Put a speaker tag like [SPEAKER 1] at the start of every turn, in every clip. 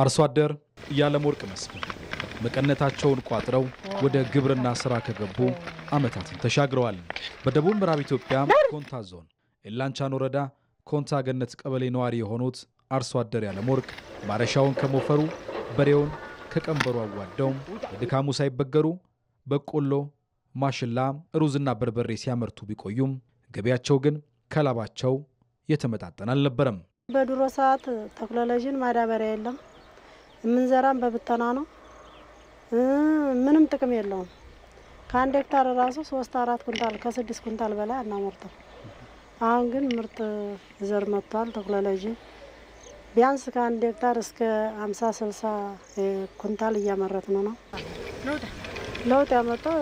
[SPEAKER 1] አርሶ አደር ያለም ወርቅ መስፍን መቀነታቸውን ቋጥረው ወደ ግብርና ስራ ከገቡ ዓመታትን ተሻግረዋል። በደቡብ ምዕራብ ኢትዮጵያ ኮንታ ዞን ኤላንቻን ወረዳ ኮንታ ገነት ቀበሌ ነዋሪ የሆኑት አርሶ አደር ያለም ወርቅ ማረሻውን ከሞፈሩ በሬውን ከቀንበሩ አዋደው በድካሙ ሳይበገሩ በቆሎ፣ ማሽላ፣ ሩዝና በርበሬ ሲያመርቱ ቢቆዩም ገቢያቸው ግን ከላባቸው የተመጣጠን አልነበረም።
[SPEAKER 2] በድሮ ሰዓት ቴክኖሎጂን ማዳበሪያ የለም። የምንዘራን በብተና ነው። ምንም ጥቅም የለውም። ከአንድ ሄክታር ራሱ ሶስት አራት ኩንታል ከስድስት ኩንታል በላይ አናመርተም። አሁን ግን ምርጥ ዘር መጥቷል። ቴክኖሎጂ ቢያንስ ከአንድ ሄክታር እስከ አምሳ ስልሳ ኩንታል እያመረትን ነው። ለውጥ ያመጣው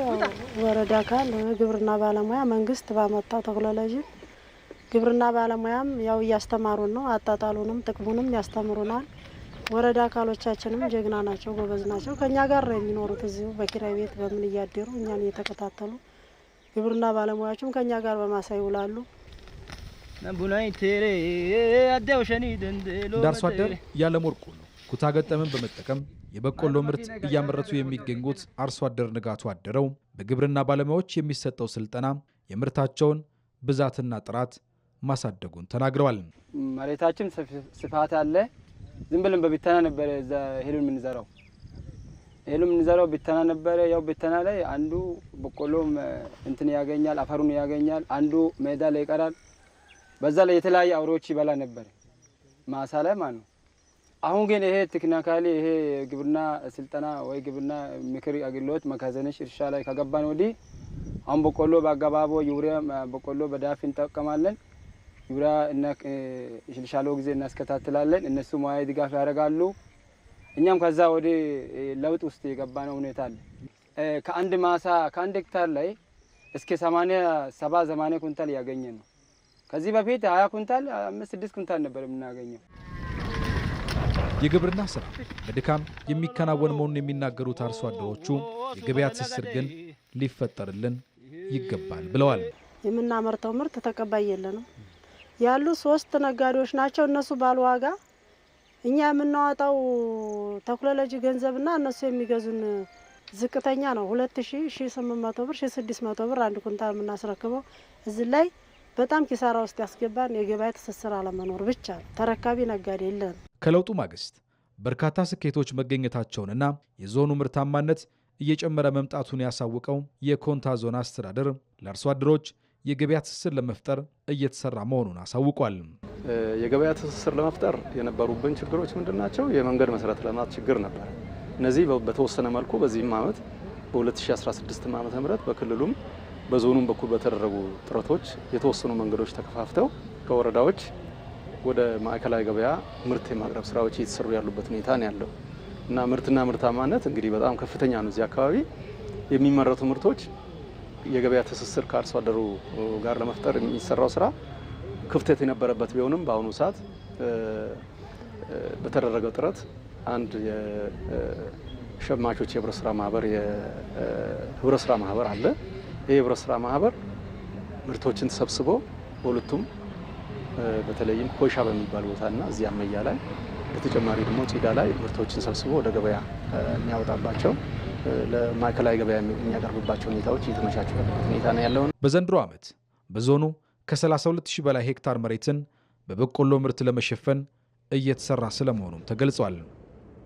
[SPEAKER 2] ወረዳ አካል ግብርና ባለሙያ መንግስት ባመጣው ቴክኖሎጂ ግብርና ባለሙያም ያው እያስተማሩን ነው። አጣጣሉንም ጥቅሙንም ያስተምሩናል። ወረዳ አካሎቻችንም ጀግና ናቸው፣ ጎበዝ ናቸው። ከእኛ ጋር ነው የሚኖሩት እዚሁ በኪራይ ቤት በምን እያደሩ እኛን እየተከታተሉ፣ ግብርና ባለሙያዎችም ከእኛ ጋር በማሳ ይውላሉ።
[SPEAKER 1] እንዳርሶ አደር ያለ ሞርቆ ነው ኩታ ገጠምን በመጠቀም የበቆሎ ምርት እያመረቱ የሚገኙት አርሶ አደር ንጋቱ አደረው በግብርና ባለሙያዎች የሚሰጠው ስልጠና የምርታቸውን ብዛትና ጥራት ማሳደጉን ተናግረዋል።
[SPEAKER 3] መሬታችን ስፋት አለ። ዝም ብለን በቢተና ነበረ እዛ እህሉን የምንዘራው እህሉን የምንዘራው ቢተና ነበረ። ያው ቢተና ላይ አንዱ በቆሎም እንትን ያገኛል፣ አፈሩን ያገኛል፣ አንዱ ሜዳ ላይ ይቀራል። በዛ ላይ የተለያየ አውሬዎች ይበላ ነበር ማሳ ላይ ማለት ነው። አሁን ግን ይሄ ቴክኒካሊ ይሄ ግብርና ስልጠና ወይ ግብርና ምክር አገልግሎት መጋዘንሽ እርሻ ላይ ከገባን ወዲህ አሁን በቆሎ በአገባቦ ዩሪያ በቆሎ በዳፊ እንጠቀማለን። ዩራ እና ሽልሻሎ ጊዜ እናስከታትላለን። እነሱ ሙያዊ ድጋፍ ያደርጋሉ። እኛም ከዛ ወደ ለውጥ ውስጥ ነው ሁኔታ አለ። ከአንድ ማሳ ከአንድ ሄክታር ላይ እስከ 80 70 80 ኩንታል እያገኘ ነው። ከዚህ በፊት 20 ኩንታል፣ 5 6 ኩንታል ነበር የምናገኘው።
[SPEAKER 1] የግብርና ስራ በድካም የሚከናወን መሆኑን የሚናገሩት አርሶ አደሮቹ የገበያ ትስስር ግን ሊፈጠርልን ይገባል ብለዋል።
[SPEAKER 2] የምናመርተው ምርት ተቀባይ የለንም። ያሉ ሶስት ነጋዴዎች ናቸው። እነሱ ባል ዋጋ እኛ የምናወጣው ተኩሎሎጂ ገንዘብና እነሱ የሚገዙን ዝቅተኛ ነው። ሁለት ሺ ሺ ስምንት መቶ ብር ሺ ስድስት መቶ ብር አንድ ኩንታል የምናስረክበው እዚህ ላይ በጣም ኪሳራ ውስጥ ያስገባን የገበያ ትስስር አለመኖር ብቻ ነው። ተረካቢ ነጋዴ የለን።
[SPEAKER 1] ከለውጡ ማግስት በርካታ ስኬቶች መገኘታቸውንና የዞኑ ምርታማነት እየጨመረ መምጣቱን ያሳውቀው የኮንታ ዞን አስተዳደር ለአርሶ አደሮች የገበያ ትስስር ለመፍጠር እየተሰራ መሆኑን አሳውቋል።
[SPEAKER 4] የገበያ ትስስር ለመፍጠር የነበሩብን ችግሮች ምንድናቸው? የመንገድ መሰረተ ልማት ችግር ነበር። እነዚህ በተወሰነ መልኩ በዚህም ዓመት በ2016 ዓመተ ምህረት በክልሉም በዞኑም በኩል በተደረጉ ጥረቶች የተወሰኑ መንገዶች ተከፋፍተው ከወረዳዎች ወደ ማዕከላዊ ገበያ ምርት የማቅረብ ስራዎች እየተሰሩ ያሉበት ሁኔታ ነው ያለው እና ምርትና ምርታማነት እንግዲህ በጣም ከፍተኛ ነው። እዚህ አካባቢ የሚመረቱ ምርቶች የገበያ ትስስር ከአርሶ አደሩ ጋር ለመፍጠር የሚሰራው ስራ ክፍተት የነበረበት ቢሆንም በአሁኑ ሰዓት በተደረገው ጥረት አንድ የሸማቾች የህብረት ስራ ማህበር የህብረት ስራ ማህበር አለ። ይህ የህብረት ስራ ማህበር ምርቶችን ተሰብስቦ በሁለቱም በተለይም ኮይሻ በሚባል ቦታና እዚያ መያ ላይ በተጨማሪ ደግሞ ጭዳ ላይ ምርቶችን ሰብስቦ ወደ ገበያ የሚያወጣባቸው ለማዕከላዊ ገበያ የሚያቀርብባቸው ሁኔታዎች እየተመቻቹ ያለበት ሁኔታ ነው ያለው።
[SPEAKER 1] በዘንድሮ ዓመት በዞኑ ከ32 ሺህ በላይ ሄክታር መሬትን በበቆሎ ምርት ለመሸፈን እየተሰራ ስለመሆኑም ተገልጿል።